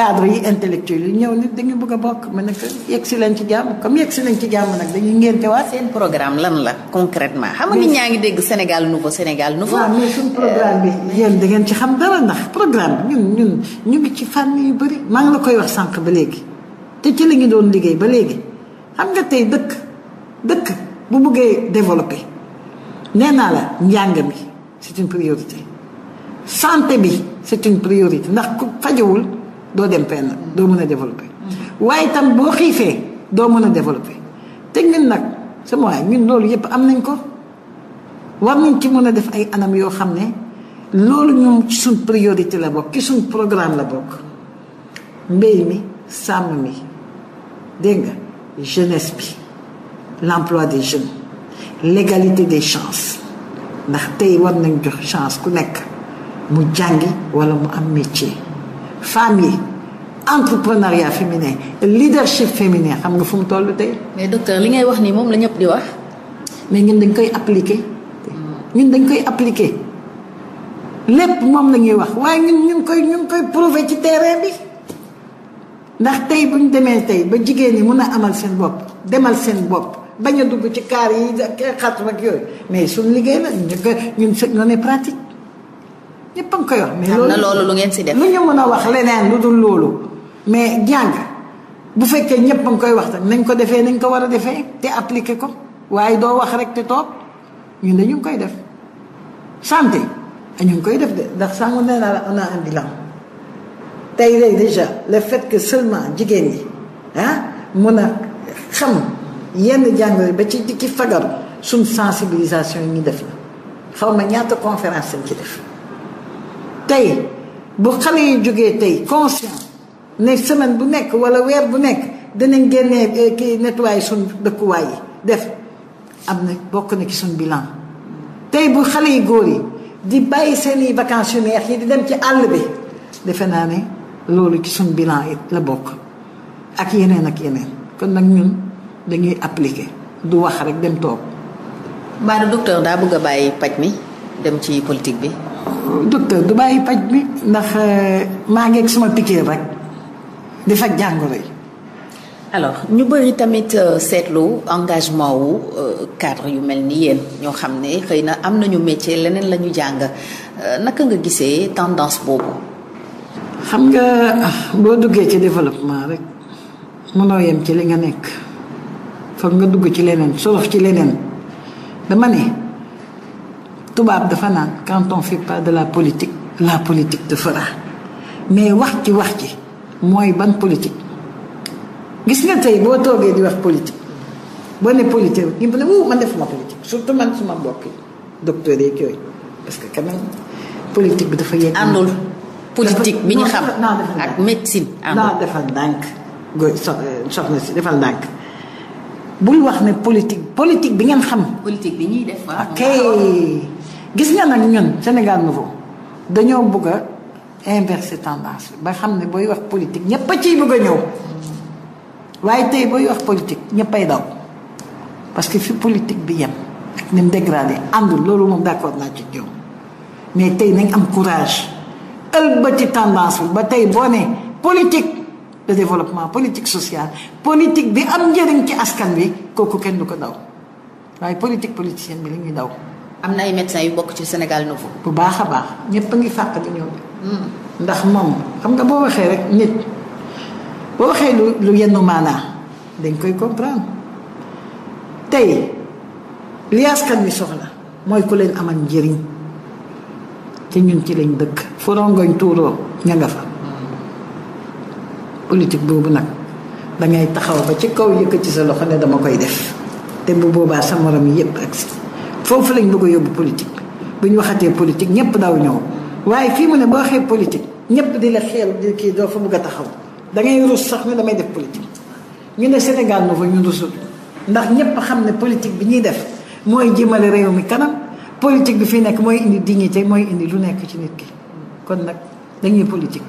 cadre yi intellectuel yi ñëw nit dañu bëgg a bokk ma ne yegg si leen ci jàmm comme yegg si leen ci jàmm nag dañuy ngénte waat seen programme lan la concrètement xam nit ñaa ngi dégg Sénégal nouveau Sénégal nouveau waaw mais suñ programme bi euh, da ngeen ci xam dara ndax programme bi ñun ñu ngi ci fànn yu bëri maa ngi la koy wax sànq ba léegi te ci la ñu doon liggéey ba léegi xam nga tey dëkk dëkk bu buggee développé nee naa la njàng mi c'est une priorité santé bi c'est une priorité ndax ku fajowul doo dem fenn doo mën a développé. waaye tam boo xiifee doo mën a développé te ñun nag sama waay ñun loolu yëpp am nañ ko war nañ ci mën a def ay anam yoo xam ne loolu ñoom ci suñ priorité la bokk ci suñ programme la bokk mbéy mi sàmm mi dégg nga jeunesse bi l'emploi des jeunes l'égalité des chances ndax tey war nañ jox chance ku nekk mu jàngi wala mu am métier. famille entrepreneuriat féminin leadership féminin xam nga fu mu toll tey. mais docteur li ngay wax nii moom la ñëpp di wax. mais ñun dañ koy appliquer. ñun dañ koy appliquer lépp moom la ñuy wax waaye ñun ñu ngi koy ñu ngi koy prouver ci terrain bi ndax tey bu ñu demee tey ba jigéen ñi mun a amal seen bopp demal seen bopp bañ a dugg ci kaar yi xat ak yooyu mais suñu liggéey la ñu ko ñun on est pratique. ñëpp a ngi ko yor. mais loolu lu ngeen si def lu ñu mën a wax leneen lu dul loolu mais jàng bu fekkee ñëpp a ngi koy wax tam nañ ko defee nañ ko war a defee te appliqué ko waaye doo wax rek te toog ñun dañu koy def santé ñu ngi koy def de ndax sàngu nee naa la on a un bilan tey léegi déjà le fait que seulement jigéen ñi ah mun a xam yenn jàngoro ba ci ci fagaru suñ sensibilisation yi ñu def la xaw ma ñaata conférence lañ ci def. tey bu xale yi jógee tey conscient ne semaine bu nekk wala weer bu nekk danañ génnee eh, kii nettoyer suñ dëkkuwaay yi def am na bokk na ci suñ bilan tey bu xale yi góor yi di bàyyi seeni vacances yu neex yi di dem ci àll bi defe naa ne loolu ci suñ bilan la bokk ak yeneen ak yeneen kon nag ñun dañuy appliquer du wax rek dem toog. Maada docteur daa bëgg a bàyyi paj mi dem ci politique bi. docteur du bàyyi paj bi ndax euh, maa ngi suma sama piqûre rek di faj jàngoro yi. alors ñu bëri tamit euh, seetlu engagement wu euh, cadre yu mel ni yéen ñoo xam ne xëy na am nañu métier leneen la ñu jàng naka nga gisee tendance boobu. xam nga ah, boo duggee ci développement rek mënoo yem ci li nga nekk foog nga dugg ci leneen sorof ci leneen dama ne. tubaab dafa naan quand on fait pas de la politique la politique te fera mais wax ci wax ci mooy ban politique gis nga tey boo toogee di wax politique boo ne politique ñu ne wuu man defuma politique surtout man mbokk yi yeeg yooyu parce que quand politique bi dafa yegg. àndul politique bi ñu xam ak médecine. àndul defal ndànk go euh, soxna si defal ndànk. bul wax ne politique politique bi ngeen xam. politique bi ñuy def gis nga nag ñun Sénégal nouveau dañoo bëgg a inverser tendance ba xam ne booy wax politique ñëpp a ciy bëgg a ñëw waaye tey booy wax politique ñëppay daw parce que fi politique bi yem ak ni mu dégradé àndul loolu moom d'accord naa ci ñoom mais tey nañ am courage ëlbati tendance bi ba tey boo ne politique de développement politique sociale politique bi am njëriñ ci askan wi kooku kenn du ko daw waaye politique politicienne bi la ñuy daw. am na ay médecins yu bokk ci Sénégal nouveau bu baax a baax ñëpp a ngi fàq di ñëw ndax moom xam nga boo waxee rek nit boo waxee lu lu yenn maanaa dañ koy comprendre tey li askan wi soxla mooy ku leen amal njëriñ ci ñun ci lañ dëkk. fu rongoñ tuuroo ña nga fa. politique boobu nag dangay taxaw ba ci kaw yëkk ci sa loxo ne dama koy def te bu boobaa sa morom yépp ak si foofu lañ bëgg a yóbbu politique bu ñu waxatee politique ñëpp daaw ñëw waaye fii mu ne boo waxee politique ñëpp di la xeel di kii doo fa bëgg a taxaw da ngay rus sax ne damay def politique. ñu ne Sénégal moo fa ñu rusul ndax ñëpp xam ne politique bi ñuy def mooy jëmale réew mi kanam politique bi fi nekk mooy indi dignité mooy indi lu nekk ci nit ki kon nag dañuy politique.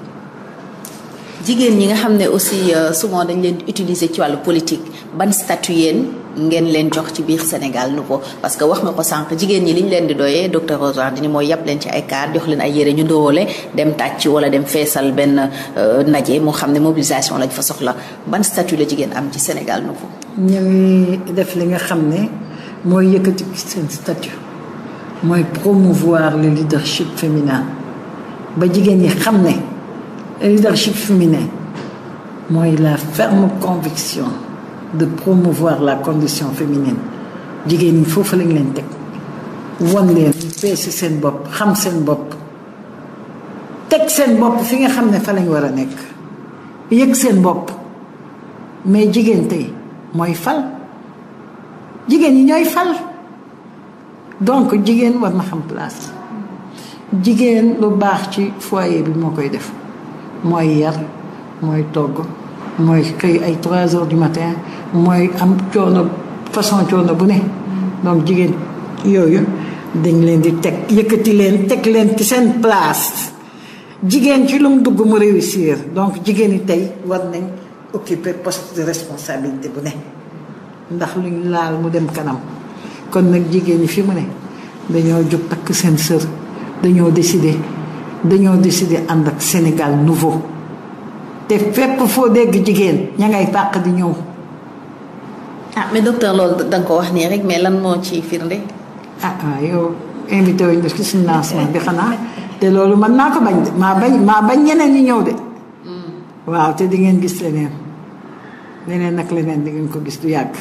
jigéen ñi nga xam ne aussi euh, souvent dañ leen utiliser ci wàllu politique ban statut yéen. ngeen leen jox ci biir Sénégal nouveau parce que wax nga ko sànq jigéen ñi li ñu leen di doyee docteur Rose Wardini mooy yàpp leen ci ay kaar jox leen ay yére ñu ndóole dem tàcc wala dem feesal benn euh, ndaje moo xam ne mobilisation lañ fa soxla ban statut la jigéen am ci Sénégal nouveau. ñu ngi def li nga xam ne mooy yëkkati seen statut mooy promouvoir le leadership féminin ba jigéen ñi xam ne leadership féminin mooy la ferme conviction. de promouvoir la condition féminine jigéen ñi foofu lañ leen teg won leen ñu peese seen bopp xam seen bopp teg seen bopp fi nga xam ne fa lañ war a nekk yëg seen bopp mais jigéen tey mooy fal jigéen ñi ñooy fal donc jigéen war na xam place jigéen lu baax ci foyer bi moo koy def mooy yar mooy togg mooy xëy ay trois heures du matin mooy am coono façon coono bu ne donc jigéen yooyu dañ leen di teg yëkkati leen teg leen ci seen place jigéen ci lu mu dugg mu réussir donc jigéen yi tey war nañ occuper poste de responsabilité bu ne ndax luñ laal mu dem kanam kon nag jigéen yi fi mu ne dañoo jóg takk seen sër dañoo décider dañoo décider ànd ak Sénégal nouveau te fépp foo dégg jigéen ña ngay fàq di ñëw. ah mais docteur loolu da ko wax nii rek mais lan moo ci firnde. ah ah yow invité wuñ la ci suñu lancement bi xanaa te loolu mën naa ko bañ de maa bañ maa bañ ñeneen ñi ñëw de. Hmm. waaw te di ngeen gis leneen leneen nag leneen di ngeen ko gis du yàgg.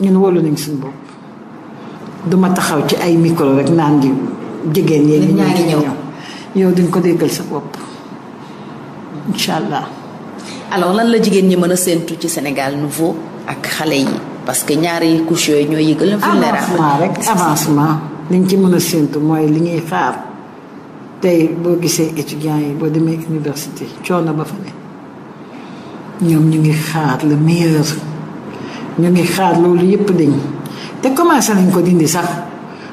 ñun wóolu nañ suñu bopp. duma taxaw ci ay micro rek naan di jigéen yéen ñi ñëw yow duñ ko déggal sa bopp. incha allah. alors lan la jigéen ñi mën a séentu ci Sénégal nouveau ak xale yi parce que ñaari couche yooyu ñooy yëgal na vulnérable avancement rek avancement liñ ci mën a séentu mooy li ñuy xaar tey boo gisee étudiants yi boo demee université coono ba fa ne ñoom ñu ngi xaar le meilleur ñu ngi xaar loolu yëpp dañ te commencé nañ ko dindi sax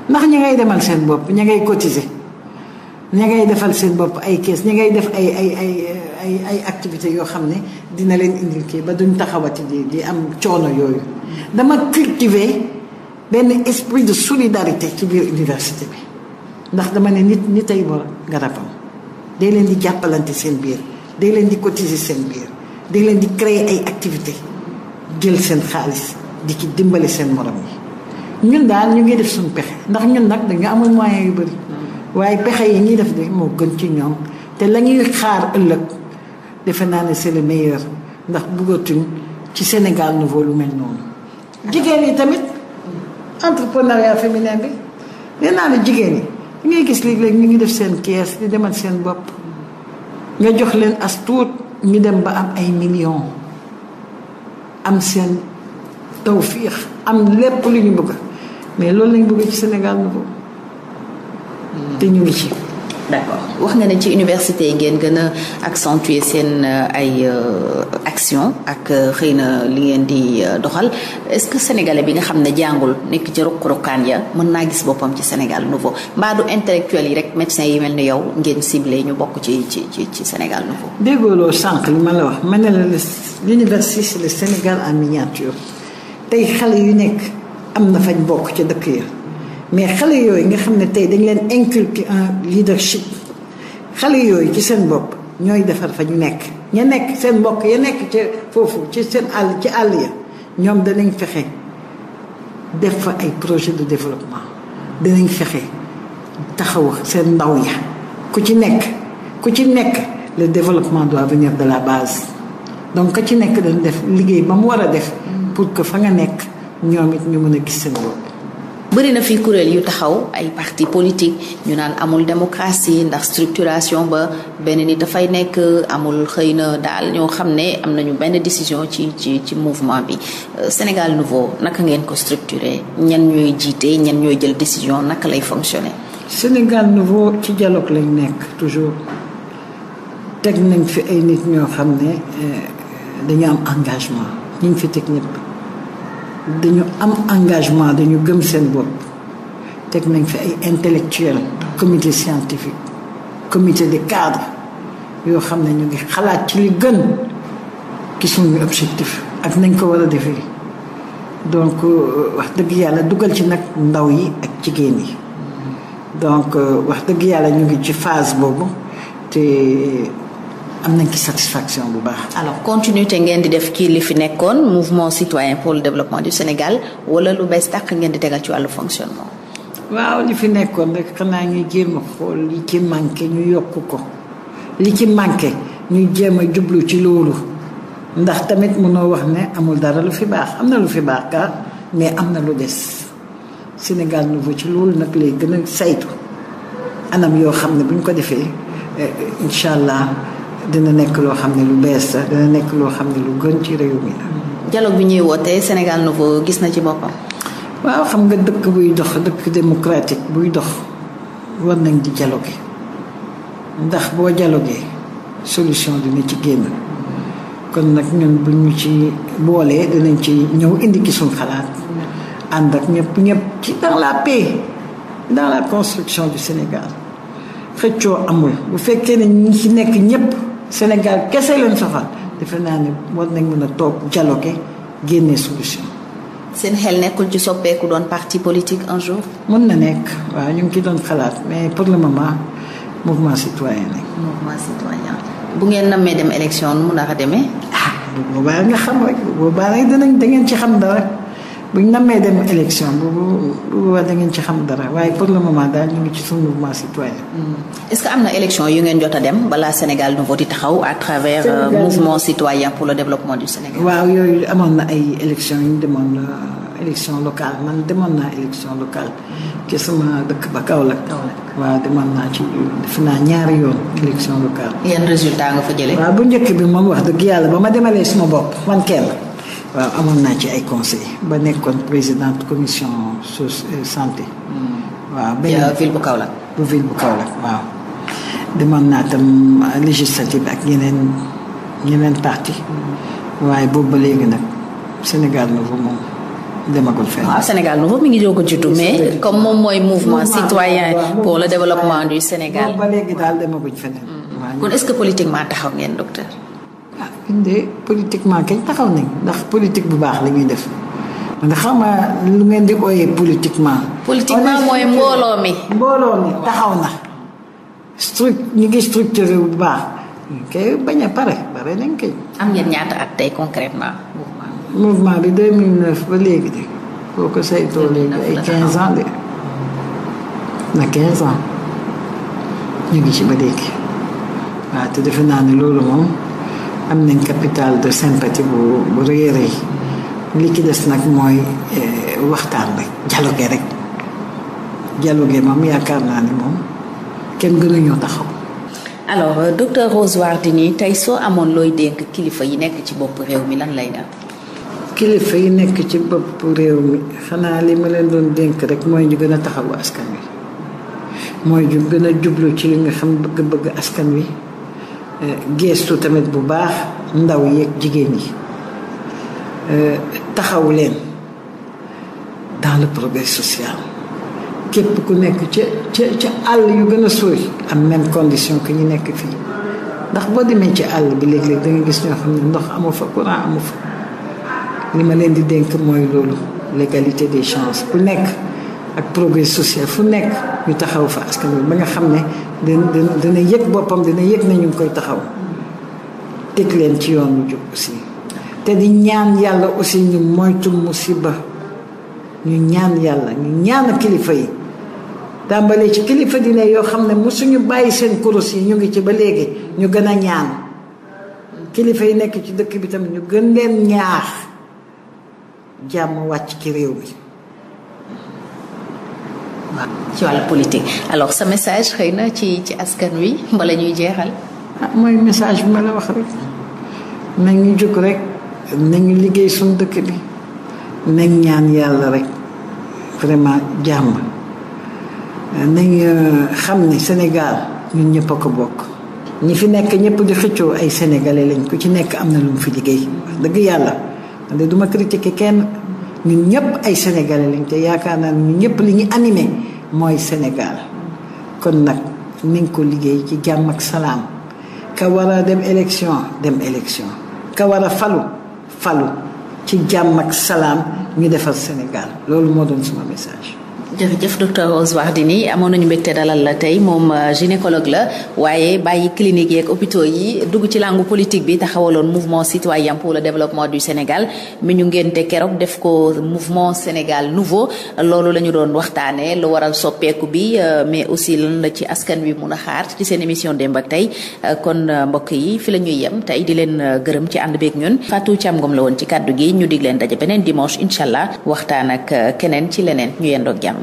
ndax ña ngay demal seen bopp ña ngay cotiser ña ngay defal seen bopp ay kees ña ngay def ay ay ay. ay ay activités yoo xam ne dina leen indil kii ba duñ taxawati di di am coono yooyu dama cultiver benn esprit de solidarité ci biir université bi ndax dama ne nit nit ay war garabam day leen di jàppalante seen biir day leen di cotiser seen biir day leen di créer ay activités jël seen xaalis di ci dimbali seen morom yi ñun daal ñu ngi def suñu pexe ndax ñun nag dañu amul moyen yu bëri waaye pexe yi ñuy def de moo gën ci ñoom te la ñuy xaar ëllëg defe naa ne c'est le meilleur ndax bëggatuñ ci Sénégal nouveau lu mel noonu. jigéen yi tamit entrepreneuriat féminin bi nee naa jigéen yi li ngay gis léeg-léeg ñu ngi def seen kees di demal seen bopp nga jox leen as tuut ñu dem ba am ay millions am seen tawfiix am lépp lu ñu bëgg mais loolu lañ bëgg ci Sénégal nouveau te ñu ngi ci. d'accord wax nga ne ci université ngeen gën a accentuer seen euh, ay euh, action ak euh, xëy na li ngeen di doxal est-ce que sénégalais bi nga xam ne jàngul nekk ci ruq-ruqaan ya mën naa gis boppam ci Sénégal nouveau mbaa du intellectuel yi rek médecins yi mel ni yow ngeen ciblé ñu bokk ci ci ci ci Sénégal nouveau. déggoo loo sànq li ma la wax ma ne la l'université c'est le Sénégal en tey xale yu nekk am na fañ bokk ca dëkk ya. mais xale yooyu nga xam ne tey dañ leen inculquer un leadership xale yooyu ci seen bopp ñooy defar fa ñu nekk ña nekk seen mbokk ya nekk ca foofu ci seen àll ci àll ya ñoom danañ fexe def fa ay projet de développement danañ fexe taxaw seen ndaw ya ku ci nekk ku ci nekk le développement doit venir de la base donc ka ci nekk dañ def liggéey ba mu war a def pour que fa nga nekk ñoom it ñu mën a gis seen bopp bëri na fii kuréel yu taxaw ay parti politique ñu naan amul démocratie ndax structuration ba benn nit dafay nekk amul xëy na daal ñoo xam ne am nañu benn décision ci ci ci mouvement bi euh, Sénégal nouveau naka ngeen ko structuré ñen ñooy jiite ñan ñooy jël décision naka lay fonctionner. Sénégal nouveau ci dialogue lañ nekk toujours teg nañ fi ay nit ñoo xam ne euh, dañu am engagement ñu fi technique ñëpp dañu am engagement dañu gëm seen bopp teg nañ fi ay intellectuels comité scientifique comité de cadre yoo xam ne ñu ngi xalaat ci li gën ki suñu objectif ak nañ ko war a defee donc euh, wax dëgg yàlla dugal ci nag ndaw yi ak jigéen yi donc euh, wax dëgg yàlla ñu ngi ci phase boobu te am nañ ci satisfaction bu baax. alors continuité ngeen di def kii li fi nekkoon mouvement citoyen pour le développement du Sénégal wala lu bees tàq ngeen di tegal ci wàllu fonctionnement. waaw li fi nekkoon rek xanaa ñu jéem a xool li ci manqué ñu yokk ko li ci manqué ñu jéem a jublu ci loolu ndax tamit mënoo wax ne amul dara lu fi baax am na lu fi baax kaa mais am na lu des Sénégal nouveau ci loolu nag lay gën a saytu anam yoo xam ne bu ñu ko defee eh, incha allah. dina nekk loo xam ne lu bees la dina nekk loo xam ne lu gën ci réew mi la. dialogue bi ñuy wootee Sénégal Nouveau gis na ci boppam. waaw xam nga dëkk buy dox dëkk démocratique buy dox war nañ di dialoguer ndax boo dialoguer solution dina ci génn kon nag ñun bu ñu ci boolee dinañ ci ñëw indi ki suñ xalaat ànd ak ñëpp ñëpp ci dans la paix dans la construction du Sénégal xëccoo amul bu fekkee ne ñi ci nekk ñëpp Sénégal kese leen safal defe naa ne war nañ mën a toog dialoguer génne solution. seen xel nekkul ci soppeeku doon parti politique un jour. mën na nekk waaw ñu ngi ci doon xalaat mais pour la moment mouvement citoyen lañ. mouvement citoyen bu ngeen nammee dem élection nu mu nar a demee. ah bu boobaa nga xam rek bu boobaa rek danañ dangeen ci xam dara. bu ñu namee dem élection boobu boobu da ngeen ci xam dara waaye pour le moment daal ñu ngi ci suñu mouvement citoyen. Mm. est-ce que am na élection yu ngeen jot a dem balaa Sénégal Nouveau di taxaw à travers. Euh, mouvement citoyen pour le développement du Sénégal. waaw yooyu amoon na ay élection yu ñu demoon euh, élection locale man demoon naa élection locale. ci sama dëkk ba Kaolack. waaw demoon naa ci def naa ñaari yoon élection locale. yan résultat nga fa jëlee. waaw bu bi moom wax dëgg yàlla ba ma demalee suma bopp man kenn. waaw euh, amoon naa ci ay conseil ba nekkoon président commission so euh, santé. Hmm. waaw benn euh, ville bu Kaolack. bu kaw bu Kaolack waaw. demoon naa tam législative ak yeneen yeneen parti hmm. waaye boobu ba léegi nag Sénégal nouveau moom demagul fenn. waaw Sénégal nouveau mi ngi jóg juddu mais comme moom mooy mouvement citoyen pour le développement du Sénégal. ba léegi daal demaguñ feneen. Hmm. kon est-ce que politiquement taxaw ngeen docteur. ñun de politiquement kañ taxaw nañ ndax politique bu baax la ñuy def man xam nga lu ngeen di ooyee politiquement. politiquement mooy mbooloo mi. mbooloo mi taxaw na. stru ñu ngi structuré bu baax. kay bañ a pare pare nañ kay. am ngeen ñaata at tey concrètement. mouvement bi ba léegi de boo ko saytoo léegi ay 15 ans de na 15 ans ñu ngi ci ba léegi waaw te defe naa ni loolu moom. am nañ capital de sympathie bu bu rëy rëy li ci des nag mooy eh, waxtaan rek dialogue rek dialogue moom yaakaar naa ni moom kenn gënuñoo taxaw. alors euh, docteur Rose nii tey soo amoon looy dénk kilifa yi nekk ci bopp réew mi lan lay def. kilifa yi nekk ci bopp réew mi xanaa li ma leen doon dénk rek mooy ñu gën a taxawu askan wi mooy ñu gën a jublu ci li nga xam bëgg-bëgg askan wi. Eh, geestu tamit bu baax ndaw yeeg jigéen ñi eh, taxaw leen dans le progrès social képp ku nekk ca ca ca àll yu gën a sori am même condition ki ñu nekk fii ndax boo demee ci àll bi léeg-léeg da gis ñoo xam ne ndox amu fa courant amu fa li ma leen di dénk mooy loolu l'égalité des chances ku nekk ak progrès social fu nekk ñu taxaw fa askan wi ba nga xam ne dana dana yëg boppam dana yëg na ñu ngi koy taxaw teg leen ci yoon wu jub aussi te di ñaan yàlla aussi ñu moytu musiba ñu ñaan yàlla ñu ñaan kilifa yi tàmbalee ci kilifa dina yoo xam ne mu suñu bàyyi seen koros yi ñu ngi ci ba léegi ñu gën a ñaan kilifa yi nekk ci dëkk bi tamit ñu gën leen ñaax jàmm wàcc ci réew mi ci wàllu politique alors sa message xëy na ci ci askan wi mbala ñuy jeexal. ah mooy message bi ma la wax rek nañu jóg rek nañu liggéey suñ dëkk bi nañ ñaan yàlla rek vraiment jàmm nañ euh, xam ni Sénégal ñun ñëpp a ko bokk. ñi fi nekk ñëpp di xëccoo ay sénégalais lañ ku ci nekk am na lu mu fi liggéey dëgg yàlla duma critiquer kenn. ñun ñëpp ay sénégalais lañ te yaakaar naa ne ñun ñëpp li ñu animé mooy Sénégal kon nag nañ ko liggéey ci jàmm ak salaam ka war a dem élection dem élection ka war a falu falu ci jàmm ak salaam ñu defar Sénégal loolu moo doon suma message. jërëjëf docteur Rose Wardini amoon nañu mbégte dalal la tey moom euh, gynécologue la waaye bàyyi clinique yeeg hôpitaux yi dugg ci langue politique bi taxawaloon mouvement citoyen pour la développement du Sénégal mi ñu ngénte keroog def ko mouvement Sénégal nouveau loolu la ñu doon waxtaanee lu waral soppeeku bi euh, mais aussi lan la ci askan wi mun a xaar ci seen émission démb ak tey euh, kon mbokk yi fi la ñuy yem tey di leen gërëm ci ànd beeg ñun Fatou Thiam Ngom la woon ci kàddu gi ñu dig leen daje beneen dimanche incha allah waxtaan keneen ci leneen ñu yendoog jàmm